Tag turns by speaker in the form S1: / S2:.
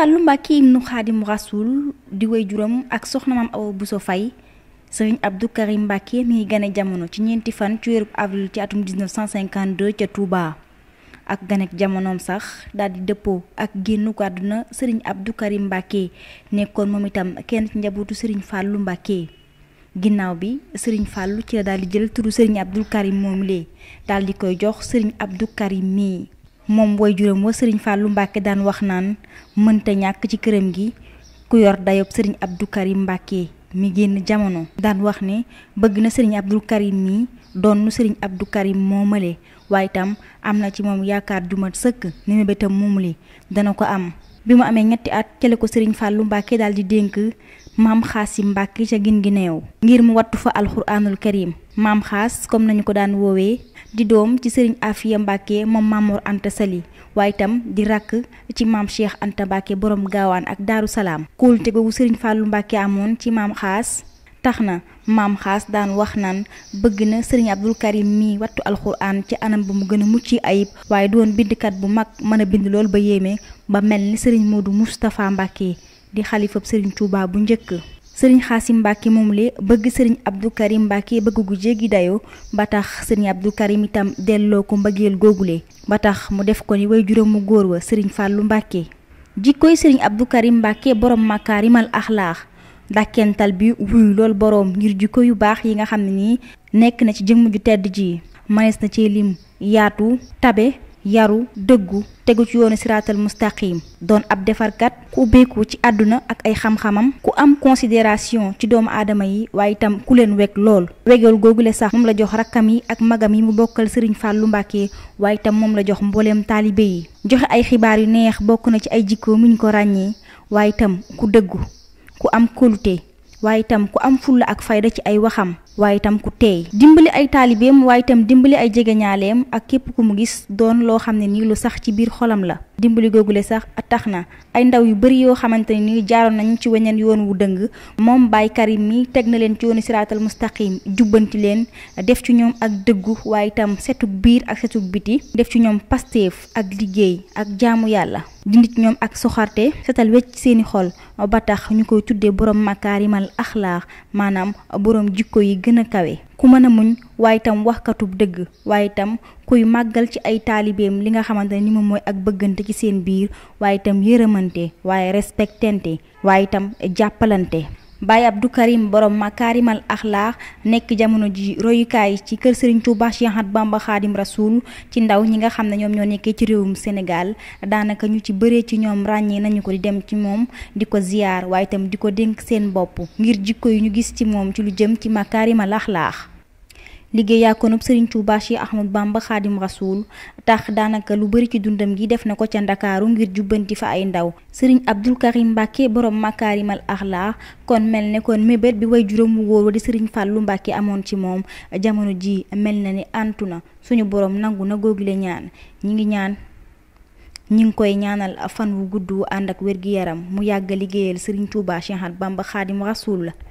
S1: Fàllu Mbàkke nu Xaadimu Rasuul di way juróom ak soxna Maam Awa Buso Fay sëriñ Abdou Karim Mbàkke mi ngi gane jamono ci ñeenti fan ci weeru avril ci atum 1952 ca Touba ak gane jamonoom sax daal di dëppoo ak génnu ko àdduna sëriñ Abdou Karim Mbàkke nekkoon moom itam kenn ci njabootu sëriñ Fàllu Mbàkke ginnaaw bi sëriñ Fàllu ci la daal di jël turu sëriñ Abdou Karim moom lee daal di koy jox sëriñ Abdou Karim mii moom booy juróom wa sëriñ Fallou Mbacke daan wax naan mënta ñàkk ci këram gi ku yor dayob sëriñ Abdou Karim Mbacke mi génn jamono. daan wax ne bëgg na sëriñ Abdou Karim mi doon sëriñ Abdou Karim moomale waaye itam am na ci moom yaakaar ju mat sëkk ni mu li dana ko am. bi mu amee ñetti at cële ko sëriñ Fallou Mbacke daal di dénk maam xaas yi Mbacke ca gin gi neew ngir mu wattu fa alxuraanul karim maam xaas comme nañu ko daan woowee. di doom ci sëriñ Afiya Mbacke moom Mamour Anta Sali waaye itam di rakk ci maam Cheikh Anta Mbacke borom gaawaan ak Daaru Salaam kóolute googu sëriñ Fallou Mbacke amoon ci maam xaas tax na maam xaas daan wax naan bëgg na sëriñ Abdul Karim mi wattu alxuraan ci anam ba mu gën a mucc ayib waaye doon bindkat bu mag mën a bind lool ba yéeme ba mel ni sëriñ Modou Moustapha Mbacke di xalifab sëriñ tuubaa bu njëkk. sëriñ Xaasim Mbàkke moom le bëgg sëriñ Abdou Karim Mbàkke bëgg gu jéggi dayoo ba tax sëriñ Abdou Karim itam delloo ko mbëggeel googule ba tax mu def ko ni way juróom góor wa sëriñ Fàllu Mbàkke jikkoy sëriñ Abdou Karim Mbàkke borom makaarimal axlaax dàkkental bi wuyu lool borom ngir jikko yu baax yi nga xam ne nii nekk na ci jëmm ju tedd ji manees na ci lim yaatu tabe yaru dëggu tegu ci yoonu siraatal mustaqim doon ab defarkat ku ubbeeku ci àdduna ak ay xam-xamam ku am considération ci doomu aadama yi waaye itam ku leen wekk lool wegal googule sax moom la jox rakkam yi ak magam yi mu bokkal sëriñ Fàllu Mbàkke waaye itam moom la jox mbooleem taalibe yi joxe ay xibaar yu neex bokk na ci ay jikko mu ñu ko ràññee waaye itam ku dëggu ku am kóolute waaye itam ku am fulla ak fayda ci ay waxam waaye itam ku teey dimbali ay taalibeem waaye itam dimbali ay jegeñaaleem ak képp ku mu gis doon loo xam ne nii lu sax ci biir xolam la dimbali googule sax tax na ay ndaw yu bëri yoo xamante ne nii jaaroon nañ ci weñeen yoon wu dëng moom Baye Karim mi teg na leen ci yoonu siraatal mustaqim jubbanti leen def ci ñoom ak dëggu waaye itam setug biir ak setug biti def ci ñoom pasteef ak liggéey ak jaamu yàlla dindi ci ñoom ak soxarte setal wecc seeni xol tax ñu koy tuddee borom makaarimal axlaax maanaam borom gën a kawe ku mën a muñ waaye itam waxkatub dëgg waaye itam kuy màggal ci ay taalibeem li nga xamante ne ni moom mooy ak bëggante ci seen biir waaye itam yërëmante waaye respectante waaye itam jàppalante Baye Abdou Karim borom makaarimal axlaax nekk jamono ji royukaay ci kër Serigne Touba Cheikh Ahmadou Bamba Khadim Rasoul ci ndaw ñi nga xam ne ñoom ñoo nekkee ci réewum Sénégal daanaka ñu ci bëree ci ñoom ràññee nañu ko di dem ci moom di ko ziyaar waaye itam di ko dénk seen bopp ngir jikko yi ñu gis ci moom ci lu jëm ci makaarimal axlaax liggéey yaakonub sëriñ Tuuba Cheikh Ahmad Bamba Xaadim Rasuul tax daanaka lu bari ci dundam gi def na ko ca ndakaaru ngir jubbanti fa ay ndaw sëriñ Abdul Karim Mbàkke borom makaarimal axlaax kon mel ne kon mébét bi way juróom wu wóor wa di sëriñ Fàllu Mbàkke amoon ci moom jamono ji mel na ni antu na suñu boroom nangu na góogile ñaan ñi ngi ñaan ñi ngi koy ñaanal fan wu gudd ànd ak wér yaram mu yàgg liggéeyal sëriñ Tuuba Cheikh Ahmad Xaadim la